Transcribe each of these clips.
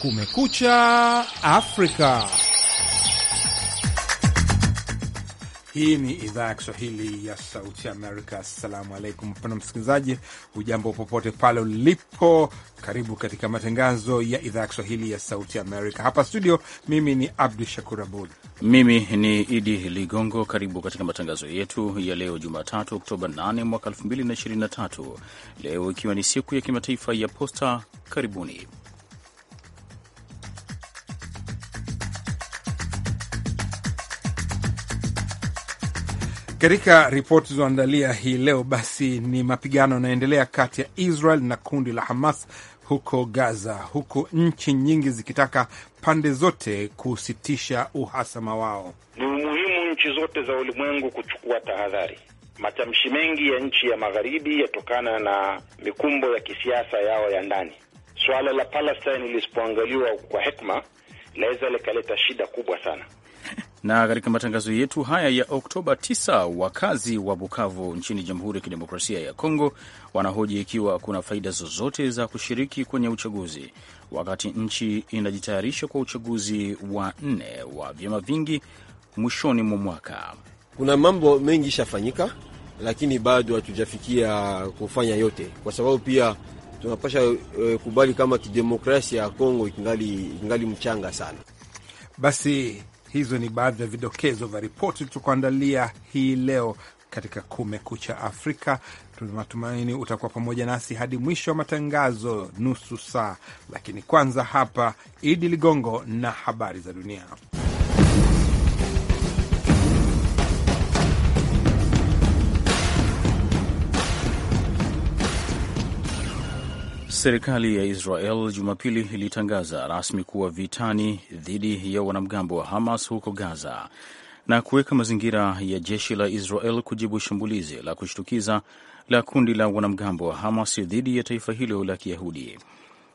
Kumekucha Afrika. Hii ni idhaa ya Kiswahili ya Sauti Amerika. Assalamu alaikum, mpendwa msikilizaji, hujambo popote pale ulipo. Karibu katika matangazo ya idhaa ya Kiswahili ya Sauti Amerika hapa studio. Mimi ni Abdu Shakur Abud, mimi ni Idi Ligongo. Karibu katika matangazo yetu ya leo Jumatatu, Oktoba 8 mwaka 2023, leo ikiwa ni siku ya kimataifa ya posta. Karibuni. Katika ripoti zilizoandalia hii leo, basi ni mapigano yanaendelea kati ya Israel na kundi la Hamas huko Gaza, huku nchi nyingi zikitaka pande zote kusitisha uhasama wao. Ni umuhimu nchi zote za ulimwengu kuchukua tahadhari. Matamshi mengi ya nchi ya magharibi yatokana na mikumbo ya kisiasa yao ya ndani. Suala la Palestine lisipoangaliwa kwa hekma, laweza likaleta shida kubwa sana. Na katika matangazo yetu haya ya Oktoba 9 wakazi wa Bukavu nchini Jamhuri ya Kidemokrasia ya Kongo wanahoji ikiwa kuna faida zozote za kushiriki kwenye uchaguzi wakati nchi inajitayarisha kwa uchaguzi wa nne wa vyama vingi mwishoni mwa mwaka. Kuna mambo mengi ishafanyika, lakini bado hatujafikia kufanya yote, kwa sababu pia tunapasha e, kubali kama kidemokrasia ya Kongo ikingali mchanga sana. Basi Hizo ni baadhi ya vidokezo vya ripoti tukuandalia hii leo katika Kumekucha Afrika. Tunatumaini utakuwa pamoja nasi hadi mwisho wa matangazo, nusu saa. Lakini kwanza hapa, Idi Ligongo na habari za dunia. Serikali ya Israel Jumapili ilitangaza rasmi kuwa vitani dhidi ya wanamgambo wa Hamas huko Gaza na kuweka mazingira ya jeshi la Israel kujibu shambulizi la kushtukiza la kundi la wanamgambo wa Hamas dhidi ya taifa hilo la Kiyahudi.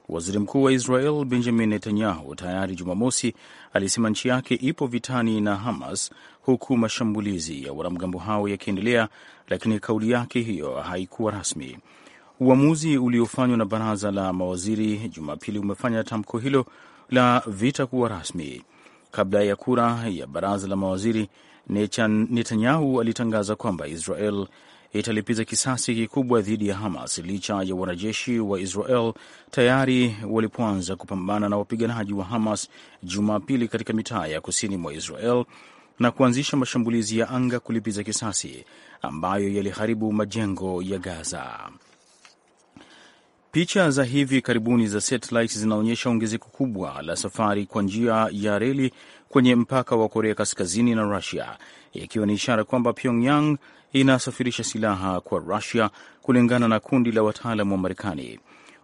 Waziri Mkuu wa Israel Benjamin Netanyahu tayari Jumamosi alisema nchi yake ipo vitani na Hamas huku mashambulizi ya wanamgambo hao yakiendelea, lakini kauli yake hiyo haikuwa rasmi. Uamuzi uliofanywa na baraza la mawaziri Jumapili umefanya tamko hilo la vita kuwa rasmi. Kabla ya kura ya baraza la mawaziri, Netanyahu alitangaza kwamba Israel italipiza kisasi kikubwa dhidi ya Hamas licha ya wanajeshi wa Israel tayari walipoanza kupambana na wapiganaji wa Hamas Jumapili katika mitaa ya kusini mwa Israel na kuanzisha mashambulizi ya anga kulipiza kisasi ambayo yaliharibu majengo ya Gaza. Picha za hivi karibuni za satellite zinaonyesha ongezeko kubwa la safari kwa njia ya reli kwenye mpaka wa Korea Kaskazini na Rusia, ikiwa ni ishara kwamba Pyongyang inasafirisha silaha kwa Rusia, kulingana na kundi la wataalamu wa Marekani.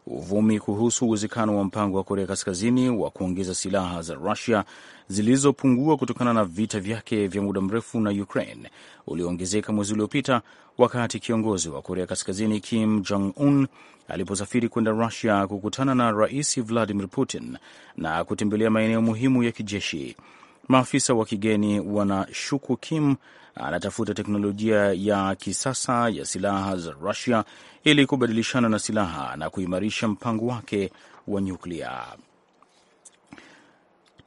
Uvumi kuhusu uwezekano wa mpango wa Korea Kaskazini wa kuongeza silaha za Rusia zilizopungua kutokana na vita vyake vya muda mrefu na Ukraine ulioongezeka mwezi uliopita wakati kiongozi wa Korea Kaskazini Kim Jong Un aliposafiri kwenda Rusia kukutana na Rais Vladimir Putin na kutembelea maeneo muhimu ya kijeshi. Maafisa wa kigeni wanashuku Kim anatafuta teknolojia ya kisasa ya silaha za Rusia ili kubadilishana na silaha na kuimarisha mpango wake wa nyuklia.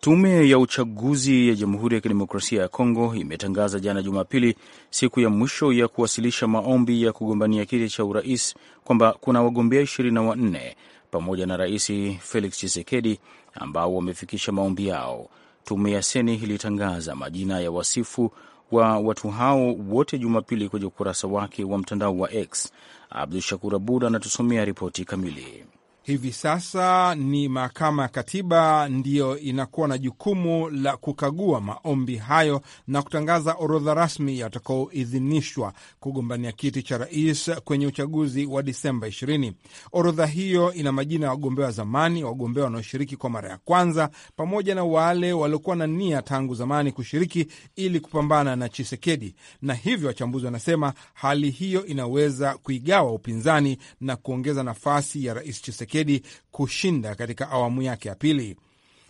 Tume ya uchaguzi ya Jamhuri ya Kidemokrasia ya Kongo imetangaza jana Jumapili, siku ya mwisho ya kuwasilisha maombi ya kugombania kiti cha urais, kwamba kuna wagombea ishirini na wanne pamoja na Rais Felix Tshisekedi ambao wamefikisha maombi yao. Tume ya Seni ilitangaza majina ya wasifu wa watu hao wote Jumapili kwenye ukurasa wake wa mtandao wa X. Abdu Shakur Abud anatusomea ripoti kamili. Hivi sasa ni mahakama ya katiba ndiyo inakuwa na jukumu la kukagua maombi hayo na kutangaza orodha rasmi ya watakaoidhinishwa kugombania kiti cha rais kwenye uchaguzi wa Disemba 20. Orodha hiyo ina majina ya wagombea wa zamani, wagombea wanaoshiriki kwa mara ya kwanza, pamoja na wale waliokuwa na nia tangu zamani kushiriki ili kupambana na Chisekedi. Na hivyo wachambuzi wanasema hali hiyo inaweza kuigawa upinzani na kuongeza nafasi ya rais Chisekedi Chisekedi kushinda katika awamu yake ya pili.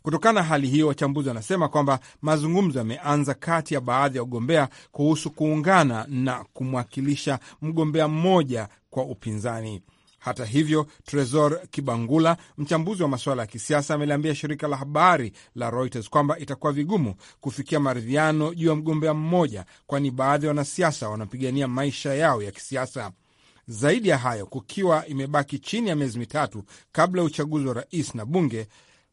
Kutokana na hali hiyo, wachambuzi wanasema kwamba mazungumzo yameanza kati ya baadhi ya wagombea kuhusu kuungana na kumwakilisha mgombea mmoja kwa upinzani. Hata hivyo, Tresor Kibangula, mchambuzi wa masuala ya kisiasa, ameliambia shirika la habari la Reuters kwamba itakuwa vigumu kufikia maridhiano juu ya mgombea mmoja, kwani baadhi ya wanasiasa wanapigania maisha yao ya kisiasa. Zaidi ya hayo, kukiwa imebaki chini ya miezi mitatu kabla ya uchaguzi wa rais na bunge,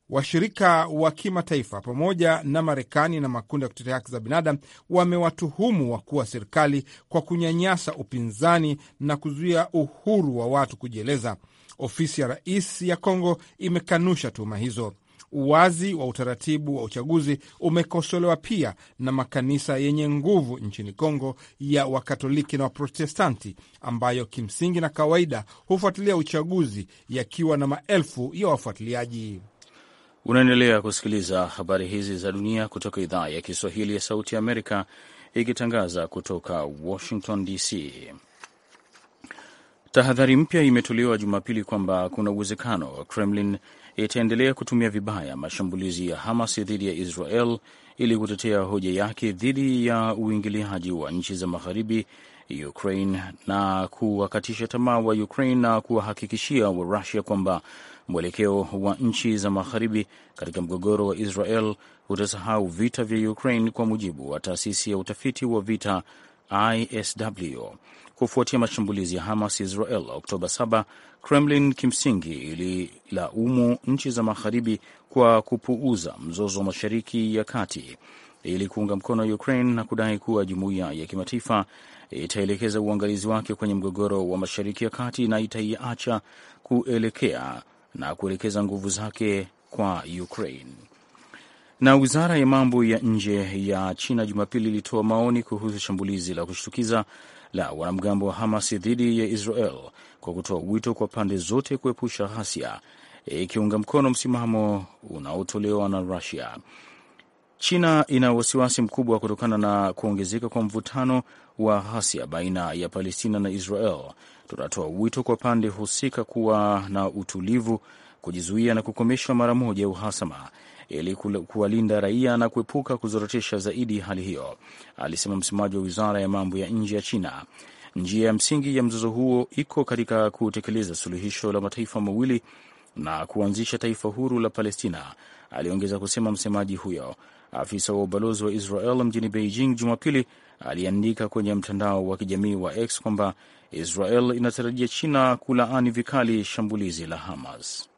washirika wa kimataifa pamoja na Marekani na makundi ya kutetea haki za binadamu wamewatuhumu wakuu wa serikali kwa kunyanyasa upinzani na kuzuia uhuru wa watu kujieleza. Ofisi ya rais ya Kongo imekanusha tuhuma hizo. Uwazi wa utaratibu wa uchaguzi umekosolewa pia na makanisa yenye nguvu nchini Kongo ya Wakatoliki na Waprotestanti, ambayo kimsingi na kawaida hufuatilia uchaguzi yakiwa na maelfu ya wafuatiliaji. Unaendelea kusikiliza habari hizi za dunia kutoka idhaa ya Kiswahili ya Sauti ya Amerika, ikitangaza kutoka Washington DC. Tahadhari mpya imetolewa Jumapili kwamba kuna uwezekano wa Kremlin itaendelea kutumia vibaya mashambulizi ya Hamas dhidi ya Israel ili kutetea hoja yake dhidi ya uingiliaji wa nchi za magharibi Ukraine na kuwakatisha tamaa wa Ukraine na kuwahakikishia wa Rusia kwamba mwelekeo wa nchi za magharibi katika mgogoro wa Israel utasahau vita vya Ukraine, kwa mujibu wa taasisi ya utafiti wa vita ISW kufuatia mashambulizi ya Hamas Israel Oktoba 7, Kremlin kimsingi ililaumu nchi za magharibi kwa kupuuza mzozo wa Mashariki ya Kati ili kuunga mkono Ukraine na kudai kuwa jumuiya ya kimataifa itaelekeza uangalizi wake kwenye mgogoro wa Mashariki ya Kati na itaiacha kuelekea na kuelekeza nguvu zake kwa Ukraine. Na wizara ya mambo ya nje ya China Jumapili ilitoa maoni kuhusu shambulizi la kushtukiza la wanamgambo wa Hamas dhidi ya Israel kwa kutoa wito kwa pande zote kuepusha ghasia, ikiunga e, mkono msimamo unaotolewa na Rusia. China ina wasiwasi mkubwa kutokana na kuongezeka kwa mvutano wa ghasia baina ya Palestina na Israel. Tunatoa wito kwa pande husika kuwa na utulivu, kujizuia na kukomesha mara moja uhasama, ili kuwalinda raia na kuepuka kuzorotesha zaidi hali hiyo, alisema msemaji wa wizara ya mambo ya nje ya China. Njia ya msingi ya mzozo huo iko katika kutekeleza suluhisho la mataifa mawili na kuanzisha taifa huru la Palestina, aliongeza kusema msemaji huyo. Afisa wa ubalozi wa Israel mjini Beijing Jumapili aliandika kwenye mtandao wa kijamii wa X kwamba Israel inatarajia China kulaani vikali shambulizi la Hamas.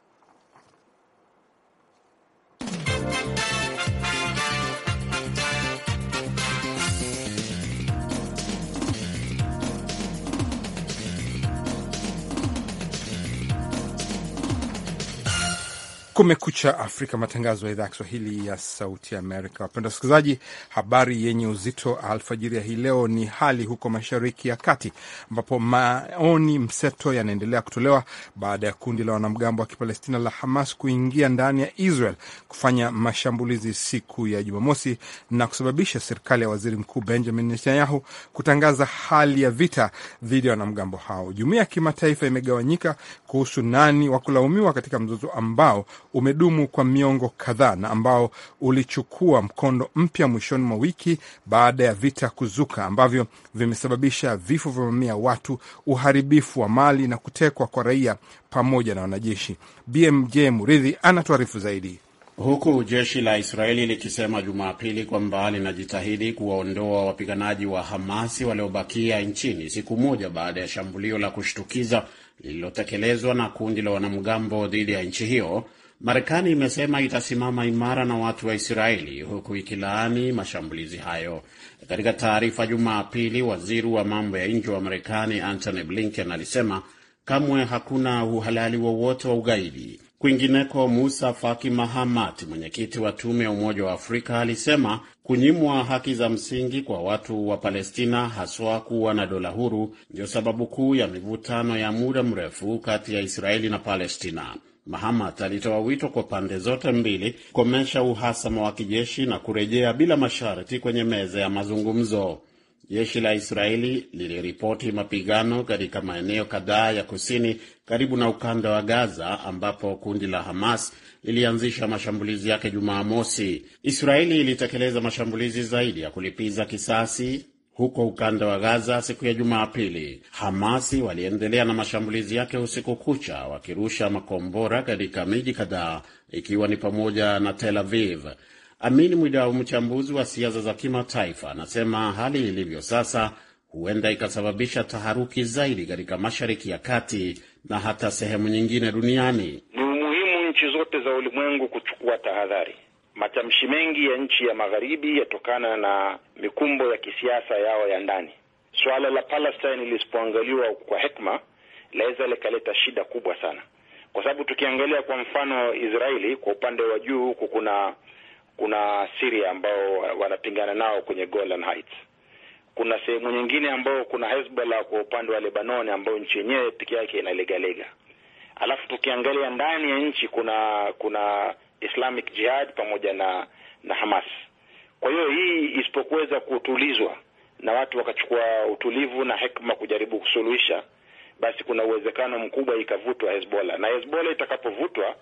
Kumekucha Afrika, matangazo ya idhaa ya Kiswahili ya Sauti ya Amerika. Wapenda wasikilizaji, habari yenye uzito alfajiri ya hii leo ni hali huko Mashariki ya Kati, ambapo maoni mseto yanaendelea kutolewa baada ya kundi la wanamgambo wa Kipalestina la Hamas kuingia ndani ya Israel kufanya mashambulizi siku ya Jumamosi na kusababisha serikali ya waziri mkuu Benjamin Netanyahu kutangaza hali ya vita dhidi ya wanamgambo hao. Jumuiya ya kimataifa imegawanyika kuhusu nani wa kulaumiwa katika mzozo ambao umedumu kwa miongo kadhaa na ambao ulichukua mkondo mpya mwishoni mwa wiki baada ya vita kuzuka ambavyo vimesababisha vifo vya mamia watu, uharibifu wa mali na kutekwa kwa raia pamoja na wanajeshi. BMJ Muridhi anatuarifu zaidi. Huku jeshi la Israeli likisema Jumapili kwamba linajitahidi kuwaondoa wapiganaji wa Hamasi waliobakia nchini siku moja baada ya shambulio la kushtukiza lililotekelezwa na kundi la wanamgambo dhidi ya nchi hiyo, Marekani imesema itasimama imara na watu wa Israeli huku ikilaani mashambulizi hayo. Katika taarifa Jumapili, waziri wa mambo ya nje wa Marekani Antony Blinken alisema kamwe hakuna uhalali wowote wa, wa ugaidi. Kwingineko, Musa Faki Mahamat, mwenyekiti wa tume ya Umoja wa Afrika, alisema kunyimwa haki za msingi kwa watu wa Palestina, haswa kuwa na dola huru, ndio sababu kuu ya mivutano ya muda mrefu kati ya Israeli na Palestina. Mahamat alitoa wito kwa pande zote mbili kukomesha uhasama wa kijeshi na kurejea bila masharti kwenye meza ya mazungumzo. Jeshi la Israeli liliripoti mapigano katika maeneo kadhaa ya kusini karibu na ukanda wa Gaza ambapo kundi la Hamas lilianzisha mashambulizi yake Jumaa mosi. Israeli ilitekeleza mashambulizi zaidi ya kulipiza kisasi huko ukanda wa Gaza siku ya Jumapili. Hamasi waliendelea na mashambulizi yake usiku kucha, wakirusha makombora katika miji kadhaa ikiwa ni pamoja na Tel Aviv. Amini Mwidau, mchambuzi wa siasa za kimataifa, anasema hali ilivyo sasa huenda ikasababisha taharuki zaidi katika Mashariki ya Kati na hata sehemu nyingine duniani. Ni muhimu nchi zote za ulimwengu kuchukua tahadhari Matamshi mengi ya nchi ya magharibi yatokana na mikumbo ya kisiasa yao ya ndani. Suala la Palestine lisipoangaliwa kwa hekma laweza likaleta shida kubwa sana, kwa sababu tukiangalia kwa mfano Israeli kwa upande wa juu huku kuna kuna Syria ambao wanapingana nao kwenye Golan Heights. Kuna sehemu nyingine ambao kuna Hezbollah kwa upande wa Lebanon ambao nchi yenyewe peke yake inalegalega. Alafu tukiangalia ndani ya nchi kuna kuna Islamic Jihad pamoja na na Hamas. Kwa hiyo hii isipokuweza kutulizwa na watu wakachukua utulivu na hekima kujaribu kusuluhisha, basi kuna uwezekano mkubwa ikavutwa Hezbollah, na Hezbollah itakapovutwa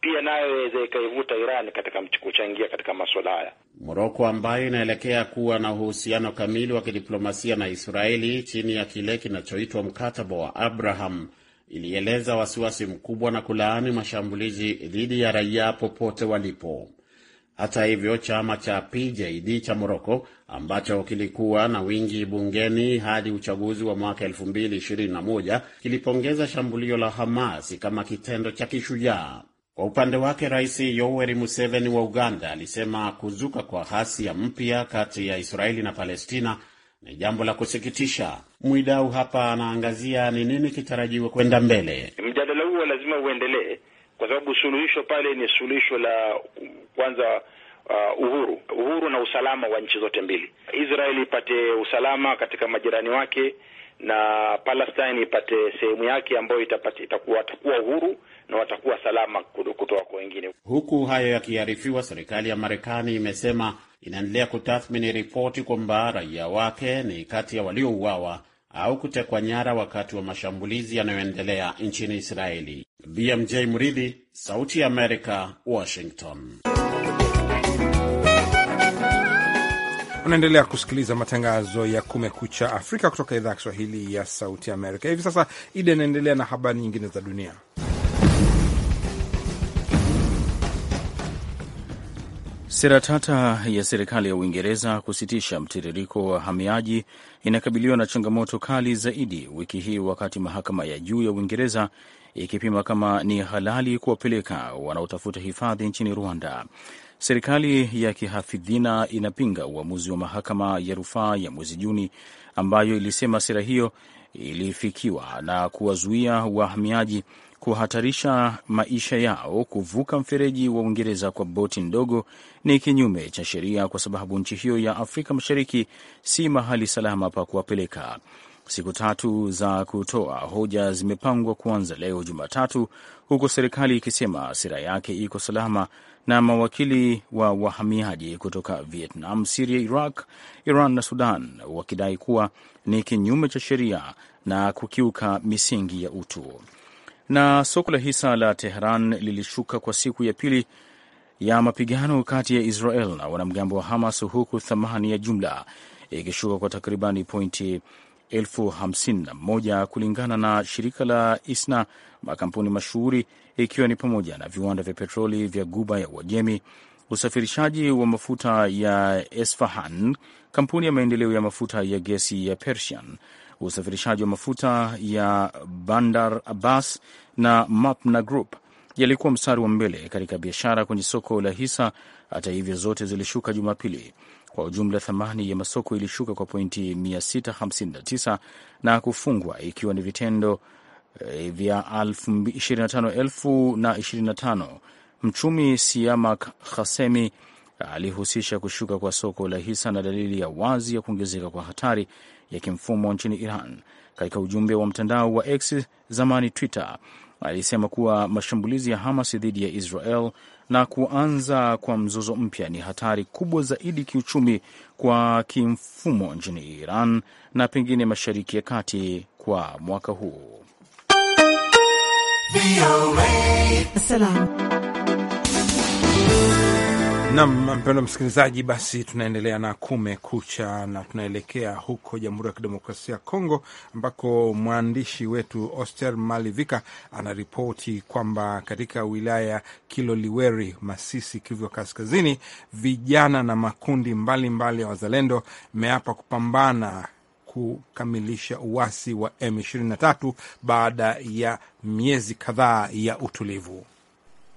pia nayo iweza ikaivuta Iran katika kuchangia katika masuala haya. Moroko ambayo inaelekea kuwa na uhusiano kamili wa kidiplomasia na Israeli chini ya kile kinachoitwa mkataba wa Abraham ilieleza wasiwasi mkubwa na kulaani mashambulizi dhidi ya raia popote walipo. Hata hivyo, chama cha PJD cha Moroko ambacho kilikuwa na wingi bungeni hadi uchaguzi wa mwaka 2021 kilipongeza shambulio la Hamas kama kitendo cha kishujaa. Kwa upande wake, Rais Yoweri Museveni wa Uganda alisema kuzuka kwa ghasia mpya kati ya Israeli na Palestina ni jambo la kusikitisha. Mwidau hapa anaangazia ni nini kitarajiwa kwenda mbele. Mjadala huo lazima uendelee, kwa sababu suluhisho pale ni suluhisho la kwanza Uh, uhuru uhuru na usalama wa nchi zote mbili. Israeli ipate usalama katika majirani wake, na Palestine ipate sehemu yake ambayo itapata, itakuwa watakuwa uhuru na watakuwa salama kutoka kwa wengine. Huku hayo yakiarifiwa, serikali ya Marekani imesema inaendelea kutathmini ripoti kwamba raia wake ni kati ya waliouawa au kutekwa nyara wakati wa mashambulizi yanayoendelea nchini Israeli. BMJ Mridhi, Sauti ya Amerika, Washington. Unaendelea kusikiliza matangazo ya Kumekucha Afrika kutoka idhaa ya Kiswahili ya Sauti Amerika. Hivi sasa Ida anaendelea na habari nyingine za dunia. Sera tata ya serikali ya Uingereza kusitisha mtiririko wa wahamiaji inakabiliwa na changamoto kali zaidi wiki hii, wakati mahakama ya juu ya Uingereza ikipima kama ni halali kuwapeleka wanaotafuta hifadhi nchini Rwanda. Serikali ya kihafidhina inapinga uamuzi wa mahakama ya rufaa ya mwezi Juni ambayo ilisema sera hiyo ilifikiwa na kuwazuia wahamiaji kuhatarisha maisha yao kuvuka mfereji wa Uingereza kwa boti ndogo ni kinyume cha sheria, kwa sababu nchi hiyo ya Afrika Mashariki si mahali salama pa kuwapeleka. Siku tatu za kutoa hoja zimepangwa kuanza leo Jumatatu, huku serikali ikisema sera yake iko salama na mawakili wa wahamiaji kutoka Vietnam, Siria, Iraq, Iran na Sudan, wakidai kuwa ni kinyume cha sheria na kukiuka misingi ya utu. Na soko la hisa la Teheran lilishuka kwa siku ya pili ya mapigano kati ya Israel na wanamgambo wa Hamas, huku thamani ya jumla ikishuka kwa takribani pointi elfu hamsini na moja kulingana na shirika la ISNA, makampuni mashuhuri ikiwa ni pamoja na viwanda vya petroli vya Guba ya Uajemi, usafirishaji wa mafuta ya Esfahan, kampuni ya maendeleo ya mafuta ya gesi ya Persian, usafirishaji wa mafuta ya Bandar Abbas na Mapna Group yalikuwa mstari wa mbele katika biashara kwenye soko la hisa. Hata hivyo, zote zilishuka Jumapili. Kwa ujumla, thamani ya masoko ilishuka kwa pointi 659 na kufungwa ikiwa ni vitendo e, vya 25,000 Mchumi Siamak Khasemi alihusisha kushuka kwa soko la hisa na dalili ya wazi ya kuongezeka kwa hatari ya kimfumo nchini Iran. Katika ujumbe wa mtandao wa X, zamani Twitter, alisema kuwa mashambulizi ya Hamas dhidi ya Israel na kuanza kwa mzozo mpya ni hatari kubwa zaidi kiuchumi kwa kimfumo nchini Iran na pengine Mashariki ya Kati kwa mwaka huu. Salam. Nam mpendo msikilizaji, basi tunaendelea na Kumekucha na tunaelekea huko Jamhuri ya Kidemokrasia ya Kongo, ambako mwandishi wetu Oster Malivika anaripoti kwamba katika wilaya Kiloliweri, Masisi, Kivu Kaskazini, vijana na makundi mbalimbali mbali ya wazalendo meapa kupambana kukamilisha uasi wa M23 baada ya miezi kadhaa ya utulivu.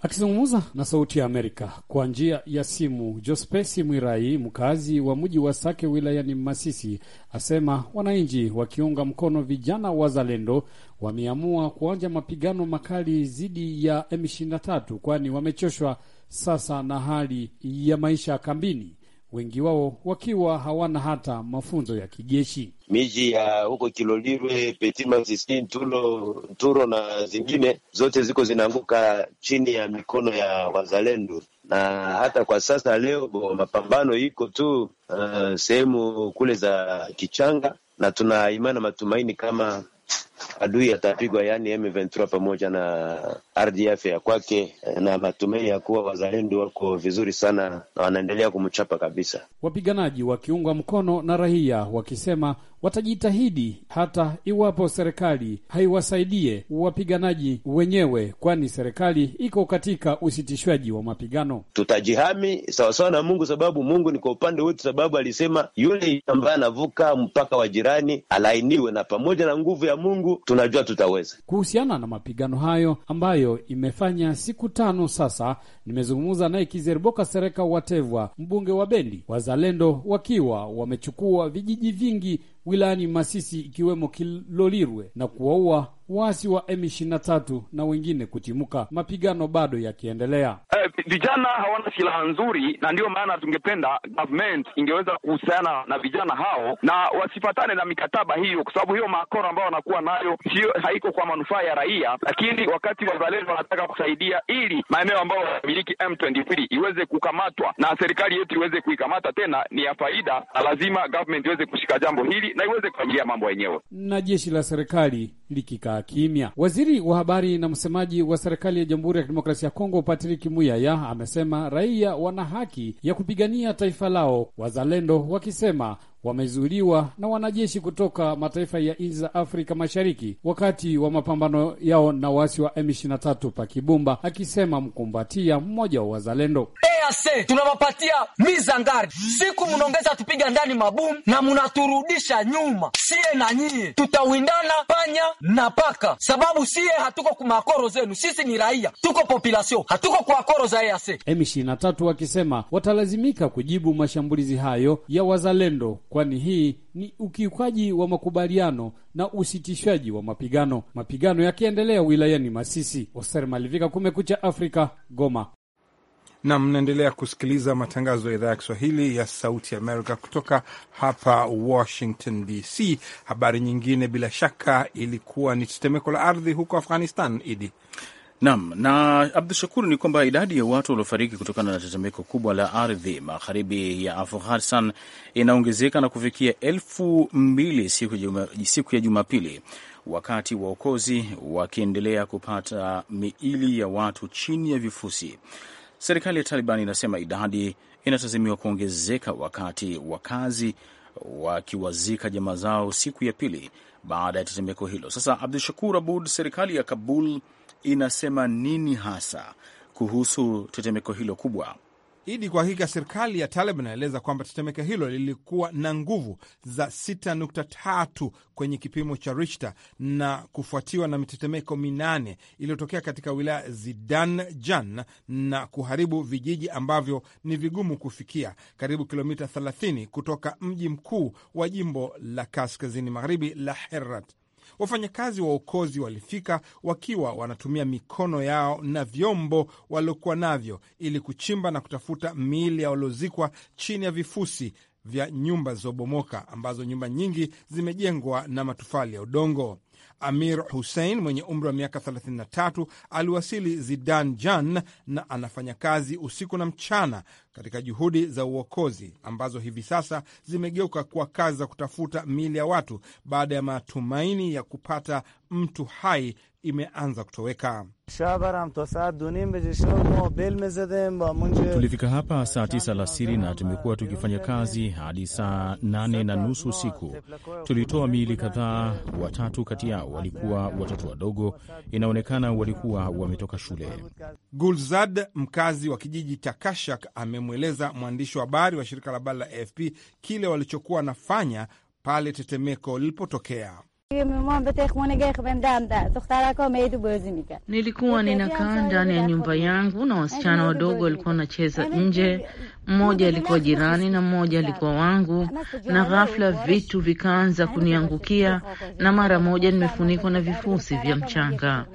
Akizungumza na Sauti ya Amerika kwa njia ya simu, Jospesi Mwirai, mkazi wa mji wa Sake wilayani Masisi, asema wananchi wakiunga mkono vijana wazalendo wameamua kuanja mapigano makali dhidi ya M23 kwani wamechoshwa sasa na hali ya maisha kambini wengi wao wakiwa hawana hata mafunzo ya kijeshi. Miji ya huko Kilolirwe, Petima, Sisini, Tulo, Turo na zingine zote ziko zinaanguka chini ya mikono ya wazalendo, na hata kwa sasa leo mapambano iko tu uh, sehemu kule za Kichanga, na tuna imani matumaini kama adui atapigwa, yaani M23 pamoja na ardhi yafya ya kwake, eh, na matumaini ya kuwa wazalendo wako vizuri sana na wanaendelea kumchapa kabisa. Wapiganaji wakiungwa mkono na raia wakisema watajitahidi hata iwapo serikali haiwasaidie wapiganaji wenyewe, kwani serikali iko katika usitishwaji wa mapigano. Tutajihami sawasawa na Mungu, sababu Mungu ni kwa upande wetu, sababu alisema yule ambaye anavuka mpaka wa jirani alainiwe, na pamoja na nguvu ya Mungu tunajua tutaweza. Kuhusiana na mapigano hayo ambayo ambayo imefanya siku tano sasa. Nimezungumza naye Kizeriboka Sereka Watevwa, mbunge wa Bendi, wazalendo wakiwa wamechukua vijiji vingi wilayani Masisi ikiwemo Kilolirwe na kuwaua waasi wa M23 na wengine kutimuka. Mapigano bado yakiendelea. Eh, vijana eh, hawana silaha nzuri, na ndiyo maana tungependa government ingeweza kuhusiana na vijana hao na wasifatane na mikataba hiyo, kwa sababu hiyo makoro ambayo wanakuwa nayo sio haiko kwa manufaa ya raia, lakini wakati wazalendo wanataka kusaidia ili maeneo ambayo wanamiliki M23 iweze kukamatwa na serikali yetu iweze kuikamata tena, ni ya faida, na lazima government iweze kushika jambo hili na iweze kuingilia mambo yenyewe. Na jeshi la serikali likikaa kimya. Waziri wa habari na msemaji wa serikali ya Jamhuri ya Kidemokrasia ya Kongo Patrick Muyaya amesema raia wana haki ya kupigania taifa lao, wazalendo wakisema wamezuiliwa na wanajeshi kutoka mataifa ya nchi za Afrika Mashariki wakati wa mapambano yao na waasi wa M23 pa Kibumba, akisema Mkumbatia, mmoja wa wazalendo EAC tunawapatia mizangari, siku mnaongeza tupiga ndani mabumu na munaturudisha nyuma. siye na nyie tutawindana panya na paka, sababu sie hatuko kumakoro zenu. Sisi ni raia, tuko populasio, hatuko kuakoro za EAC. M23 wakisema watalazimika kujibu mashambulizi hayo ya wazalendo, kwani hii ni ukiukaji wa makubaliano na usitishaji wa mapigano, mapigano yakiendelea wilayani Masisi. Oser Malivika, Kumekucha Afrika, Goma na mnaendelea kusikiliza matangazo ya idhaa ya Kiswahili ya Sauti Amerika kutoka hapa Washington DC. Habari nyingine bila shaka ilikuwa ni tetemeko la ardhi huko Afghanistan. Idi nam na Abdu Shakur, ni kwamba idadi ya watu waliofariki kutokana na tetemeko kubwa la ardhi magharibi ya Afghanistan inaongezeka na kufikia elfu mbili siku, juma, siku ya Jumapili wakati waokozi wakiendelea kupata miili ya watu chini ya vifusi. Serikali ya Taliban inasema idadi inatazimiwa kuongezeka wakati wakazi wakiwazika jamaa zao siku ya pili baada ya tetemeko hilo. Sasa Abdu Shakur Abud, serikali ya Kabul inasema nini hasa kuhusu tetemeko hilo kubwa? Idi, kwa hakika serikali ya Taleb inaeleza kwamba tetemeko hilo lilikuwa na nguvu za 6.3 kwenye kipimo cha Richter na kufuatiwa na mitetemeko minane iliyotokea katika wilaya Zidan Jan na kuharibu vijiji ambavyo ni vigumu kufikia, karibu kilomita 30 kutoka mji mkuu wa jimbo la kaskazini magharibi la Herat. Wafanyakazi wa uokozi walifika wakiwa wanatumia mikono yao na vyombo waliokuwa navyo ili kuchimba na kutafuta miili ya waliozikwa chini ya vifusi vya nyumba zilizobomoka ambazo nyumba nyingi zimejengwa na matofali ya udongo. Amir Hussein mwenye umri wa miaka 33 aliwasili jan na anafanya kazi usiku na mchana katika juhudi za uokozi ambazo hivi sasa zimegeuka kuwa kazi za kutafuta miili ya watu baada ya matumaini ya kupata mtu hai imeanza kutoweka. Tulifika hapa saa tisa alasiri na tumekuwa tukifanya kazi hadi saa nane na nusu usiku. Tulitoa miili kadhaa, watatu kati yao walikuwa watoto wadogo, inaonekana walikuwa wametoka shule. Gulzad, mkazi wa kijiji cha Kashak, ame amemweleza mwandishi wa habari wa shirika la habari la AFP kile walichokuwa wanafanya pale tetemeko lilipotokea. Nilikuwa ninakaa ndani ya nyumba yangu na wasichana wadogo walikuwa wanacheza nje. Mmoja alikuwa jirani na mmoja alikuwa wangu, na ghafla vitu vikaanza kuniangukia, na mara moja nimefunikwa na vifusi vya mchanga.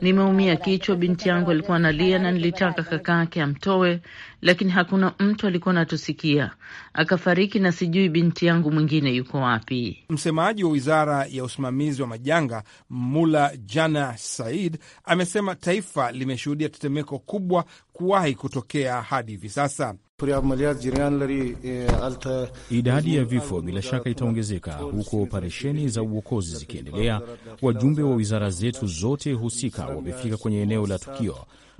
Nimeumia kichwa, binti yangu alikuwa analia na nilitaka kakake amtoe, lakini hakuna mtu alikuwa anatusikia. Akafariki na sijui binti yangu mwingine yuko wapi. Msemaji wa wizara ya usimamizi wa majanga Mula Jana Said amesema taifa limeshuhudia tetemeko kubwa kuwahi kutokea hadi hivi sasa. E, Idadi ya vifo bila shaka itaongezeka huku operesheni za uokozi zikiendelea. Wajumbe wa wizara zetu zote husika wamefika kwenye eneo la tukio.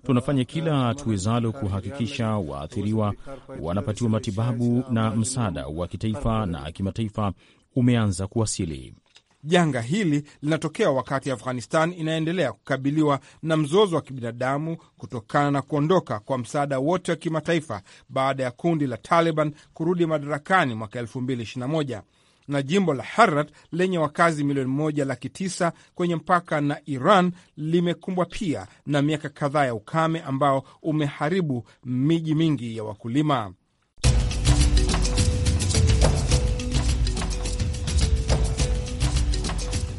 Tunafanya kila tuwezalo kuhakikisha waathiriwa wanapatiwa matibabu na msaada wa kitaifa na kimataifa umeanza kuwasili. Janga hili linatokea wakati Afghanistan inaendelea kukabiliwa na mzozo wa kibinadamu kutokana na kuondoka kwa msaada wote wa kimataifa baada ya kundi la Taliban kurudi madarakani mwaka 2021 na jimbo la Harat lenye wakazi milioni moja laki tisa kwenye mpaka na Iran limekumbwa pia na miaka kadhaa ya ukame ambao umeharibu miji mingi ya wakulima.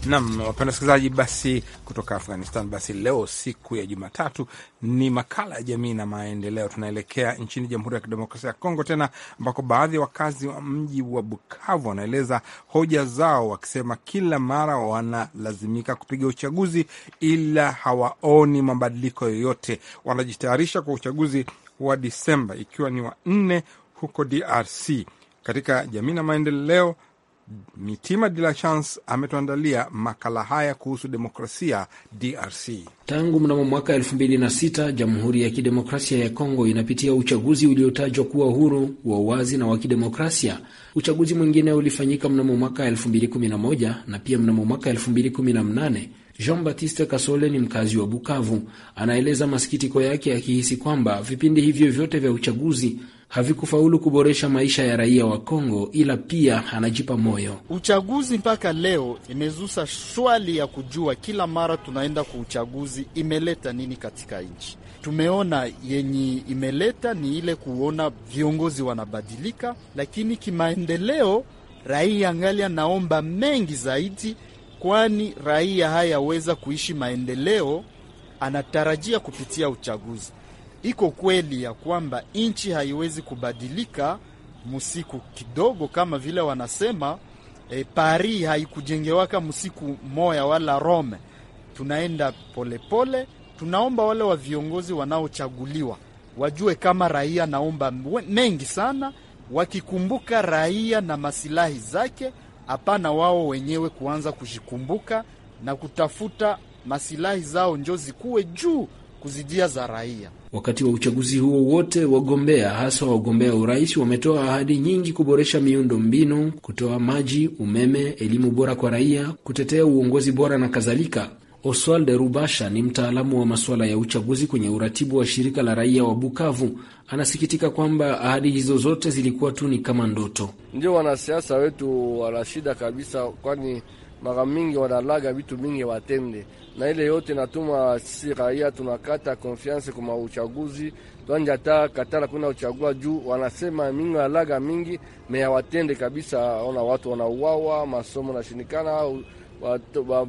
Nam wapenda wasikilizaji, basi kutoka Afghanistan. Basi leo siku ya Jumatatu ni makala ya jamii na maendeleo. Tunaelekea nchini Jamhuri ya Kidemokrasia ya Kongo tena, ambako baadhi ya wakazi wa mji wa Bukavu wanaeleza hoja zao, wakisema kila mara wanalazimika kupiga uchaguzi, ila hawaoni mabadiliko yoyote. Wanajitayarisha kwa uchaguzi wa Disemba, ikiwa ni wa nne huko DRC. Katika jamii na maendeleo Mitima de la Chance ametuandalia makala haya kuhusu demokrasia DRC. Tangu mnamo mwaka 26 Jamhuri ya Kidemokrasia ya Kongo inapitia uchaguzi uliotajwa kuwa huru wa uwazi na wa kidemokrasia. Uchaguzi mwingine ulifanyika mnamo mwaka 211 na pia mnamo mwaka elfu Jean Baptiste Kasole ni mkazi wa Bukavu, anaeleza masikitiko yake akihisi kwamba vipindi hivyo vyote vya uchaguzi havikufaulu kuboresha maisha ya raia wa Kongo, ila pia anajipa moyo. Uchaguzi mpaka leo imezusa swali ya kujua kila mara tunaenda kwa uchaguzi imeleta nini katika nchi. Tumeona yenye imeleta ni ile kuona viongozi wanabadilika, lakini kimaendeleo raia angali anaomba mengi zaidi, kwani raia hayaweza kuishi maendeleo anatarajia kupitia uchaguzi iko kweli ya kwamba nchi haiwezi kubadilika msiku kidogo, kama vile wanasema e, Paris haikujengewaka msiku moya wala Rome. Tunaenda polepole pole. Tunaomba wale wa viongozi wanaochaguliwa wajue kama raia naomba mengi sana, wakikumbuka raia na masilahi zake, hapana wao wenyewe kuanza kujikumbuka na kutafuta masilahi zao njo zikuwe juu kuzidia za raia. Wakati wa uchaguzi huo wote, wagombea hasa wagombea urais wametoa ahadi nyingi kuboresha miundo mbinu, kutoa maji, umeme, elimu bora kwa raia, kutetea uongozi bora na kadhalika. Oswald Rubasha ni mtaalamu wa masuala ya uchaguzi kwenye uratibu wa shirika la raia wa Bukavu. Anasikitika kwamba ahadi hizo zote zilikuwa tu ni kama ndoto. Ndio wanasiasa wetu wana shida kabisa, kwani mara mingi wanalaga vitu mingi watende na ile yote natuma sisi raia tunakata konfiance kwa uchaguzi twanja ta katala kuna uchagua juu wanasema mingi alaga mingi meyawatende kabisa. Ona watu wanauawa, masomo nashinikana,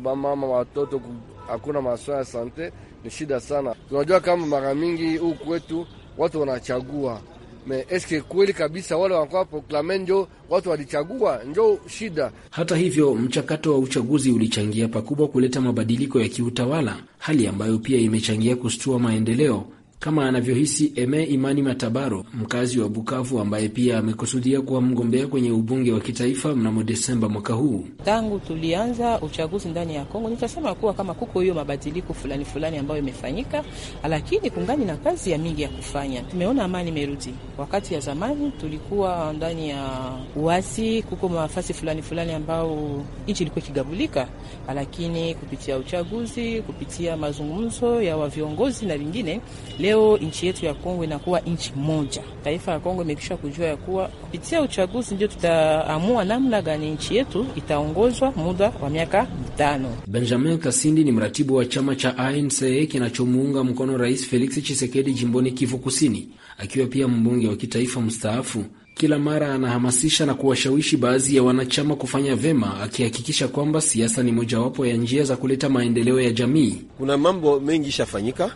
mama watoto hakuna masomo ya sante, ni shida sana. Tunajua kama mara mingi huku kwetu watu wanachagua me eske kweli kabisa wale wanakuwa proklame njo watu walichagua, njo shida. Hata hivyo, mchakato wa uchaguzi ulichangia pakubwa kuleta mabadiliko ya kiutawala, hali ambayo pia imechangia kustua maendeleo kama anavyohisi Eme Imani Matabaro, mkazi wa Bukavu, ambaye pia amekusudia kuwa mgombea kwenye ubunge wa kitaifa mnamo Desemba mwaka huu. Tangu tulianza uchaguzi ndani ya Kongo, nitasema kuwa kama kuko hiyo mabadiliko fulani fulani ambayo imefanyika, lakini kungani na kazi ya mingi ya kufanya. Tumeona amani imerudi. Wakati ya zamani tulikuwa ndani ya uasi, kuko mafasi fulani fulani ambao nchi ilikuwa ikigabulika, lakini kupitia uchaguzi, kupitia mazungumzo ya waviongozi na vingine Leo nchi yetu ya Kongo inakuwa nchi moja. Taifa la Kongo imekisha kujua ya kuwa kupitia uchaguzi ndio tutaamua namna gani nchi yetu itaongozwa muda wa miaka mitano. Benjamin Kasindi ni mratibu wa chama cha ANC e kinachomuunga mkono Rais Felix Chisekedi jimboni Kivu Kusini, akiwa pia mbunge wa kitaifa mstaafu. Kila mara anahamasisha na kuwashawishi baadhi ya wanachama kufanya vema, akihakikisha kwamba siasa ni mojawapo ya njia za kuleta maendeleo ya jamii. Kuna mambo mengi ishafanyika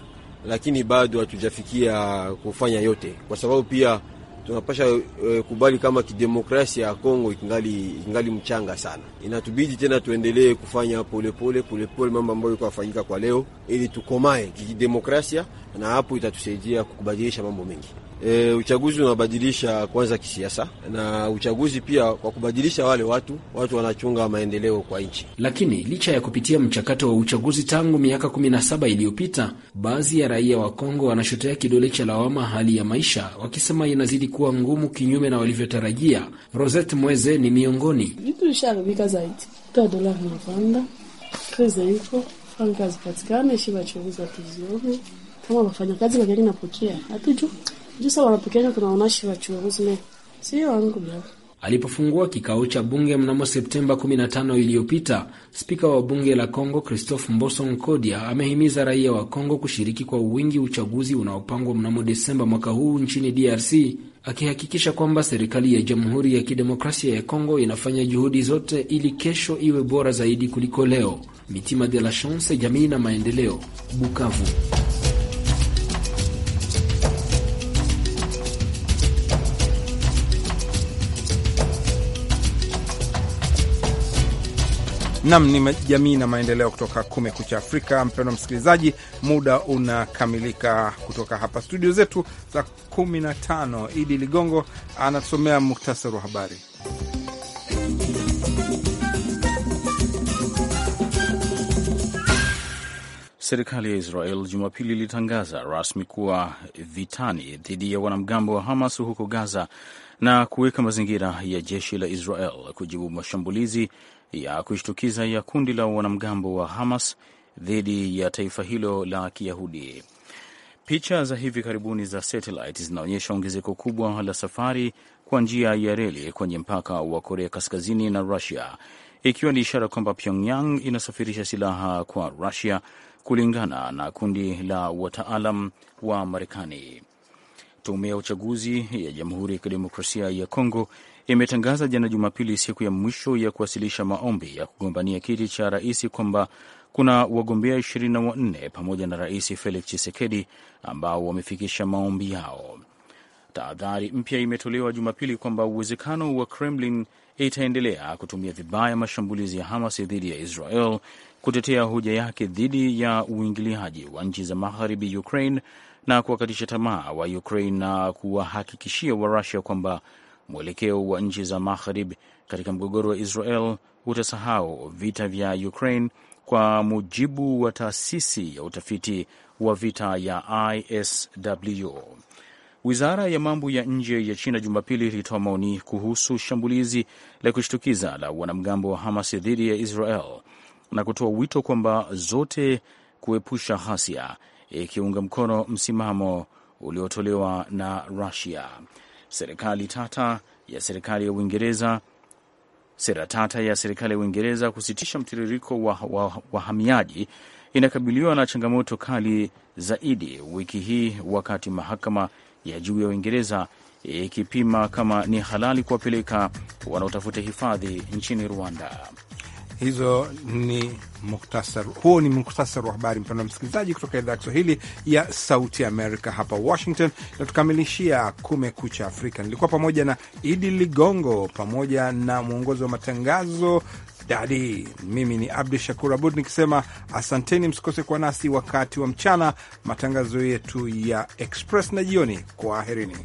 lakini bado hatujafikia kufanya yote, kwa sababu pia tunapasha e, kubali kama kidemokrasia ya Kongo ikingali, ikingali mchanga sana. Inatubidi tena tuendelee kufanya polepole polepole mambo ambayo iko afanyika kwa leo, ili tukomae kidemokrasia, na hapo itatusaidia kubadilisha mambo mengi. E, uchaguzi unabadilisha kwanza kisiasa na uchaguzi pia kwa kubadilisha wale watu watu wanachunga maendeleo kwa nchi. Lakini licha ya kupitia mchakato wa uchaguzi tangu miaka 17 iliyopita, baadhi ya raia wa Kongo wanashotea kidole cha lawama hali ya maisha, wakisema inazidi kuwa ngumu kinyume na walivyotarajia. Rosette Mweze ni miongoni. Vitu zaidi, toa dola iko kazi patikane, chunguza kama wafanyakazi wageni napokea hatujui Jusa wanapokeana kuna onashi wachuuzi me sio wangu bwana. Alipofungua kikao cha bunge mnamo Septemba 15 iliyopita, spika wa bunge la Kongo Christophe Mboso Nkodia amehimiza raia wa Kongo kushiriki kwa wingi uchaguzi unaopangwa mnamo Desemba mwaka huu nchini DRC, akihakikisha kwamba serikali ya Jamhuri ya Kidemokrasia ya Kongo inafanya juhudi zote ili kesho iwe bora zaidi kuliko leo. Mitima de la Chance, Jamii na Maendeleo, Bukavu. Nam ni jamii na maendeleo kutoka Kumekucha Afrika. Mpendwa msikilizaji, muda unakamilika kutoka hapa studio zetu za 15. Idi Ligongo anatusomea muktasari wa habari. Serikali ya Israel Jumapili ilitangaza rasmi kuwa vitani dhidi ya wanamgambo wa Hamas huko Gaza na kuweka mazingira ya jeshi la Israel kujibu mashambulizi ya kushtukiza ya kundi la wanamgambo wa Hamas dhidi ya taifa hilo la Kiyahudi. Picha za hivi karibuni za satellite zinaonyesha ongezeko kubwa la safari kwa njia ya reli kwenye mpaka wa Korea Kaskazini na Rusia, ikiwa ni ishara kwamba Pyongyang inasafirisha silaha kwa Rusia, kulingana na kundi la wataalam wa Marekani. Tume ya uchaguzi ya Jamhuri ya Kidemokrasia ya Kongo imetangaza jana Jumapili siku ya mwisho ya kuwasilisha maombi ya kugombania kiti cha rais kwamba kuna wagombea 24 pamoja na Rais Felix Chisekedi ambao wamefikisha maombi yao. Tahadhari mpya imetolewa Jumapili kwamba uwezekano wa Kremlin itaendelea kutumia vibaya mashambulizi ya Hamas dhidi ya Israel kutetea hoja yake dhidi ya uingiliaji wa nchi za magharibi Ukraine na kuwakatisha tamaa wa Ukraine na kuwahakikishia rusia kwamba mwelekeo wa nchi za magharib katika mgogoro wa Israel utasahau vita vya Ukraine, kwa mujibu wa taasisi ya utafiti wa vita ya ISW. Wizara ya mambo ya nje ya China Jumapili ilitoa maoni kuhusu shambulizi la kushtukiza la wanamgambo wa Hamas dhidi ya Israel na kutoa wito kwamba zote kuepusha ghasia, ikiunga mkono msimamo uliotolewa na Rusia serikali tata ya serikali ya Uingereza sera tata ya serikali ya Uingereza kusitisha mtiririko wa wahamiaji wa inakabiliwa na changamoto kali zaidi wiki hii, wakati mahakama ya juu ya Uingereza ikipima kama ni halali kuwapeleka wanaotafuta hifadhi nchini Rwanda. Hizo ni muktasar, huo ni muktasar wa habari, mpendwa msikilizaji, kutoka idhaa ya Kiswahili ya Sauti Amerika hapa Washington. Natukamilishia Kumekucha Afrika. Nilikuwa pamoja na Idi Ligongo pamoja na mwongozi wa matangazo Dadi. Mimi ni Abdu Shakur Abud nikisema asanteni, msikose kuwa nasi wakati wa mchana, matangazo yetu ya Express na jioni. Kwaherini.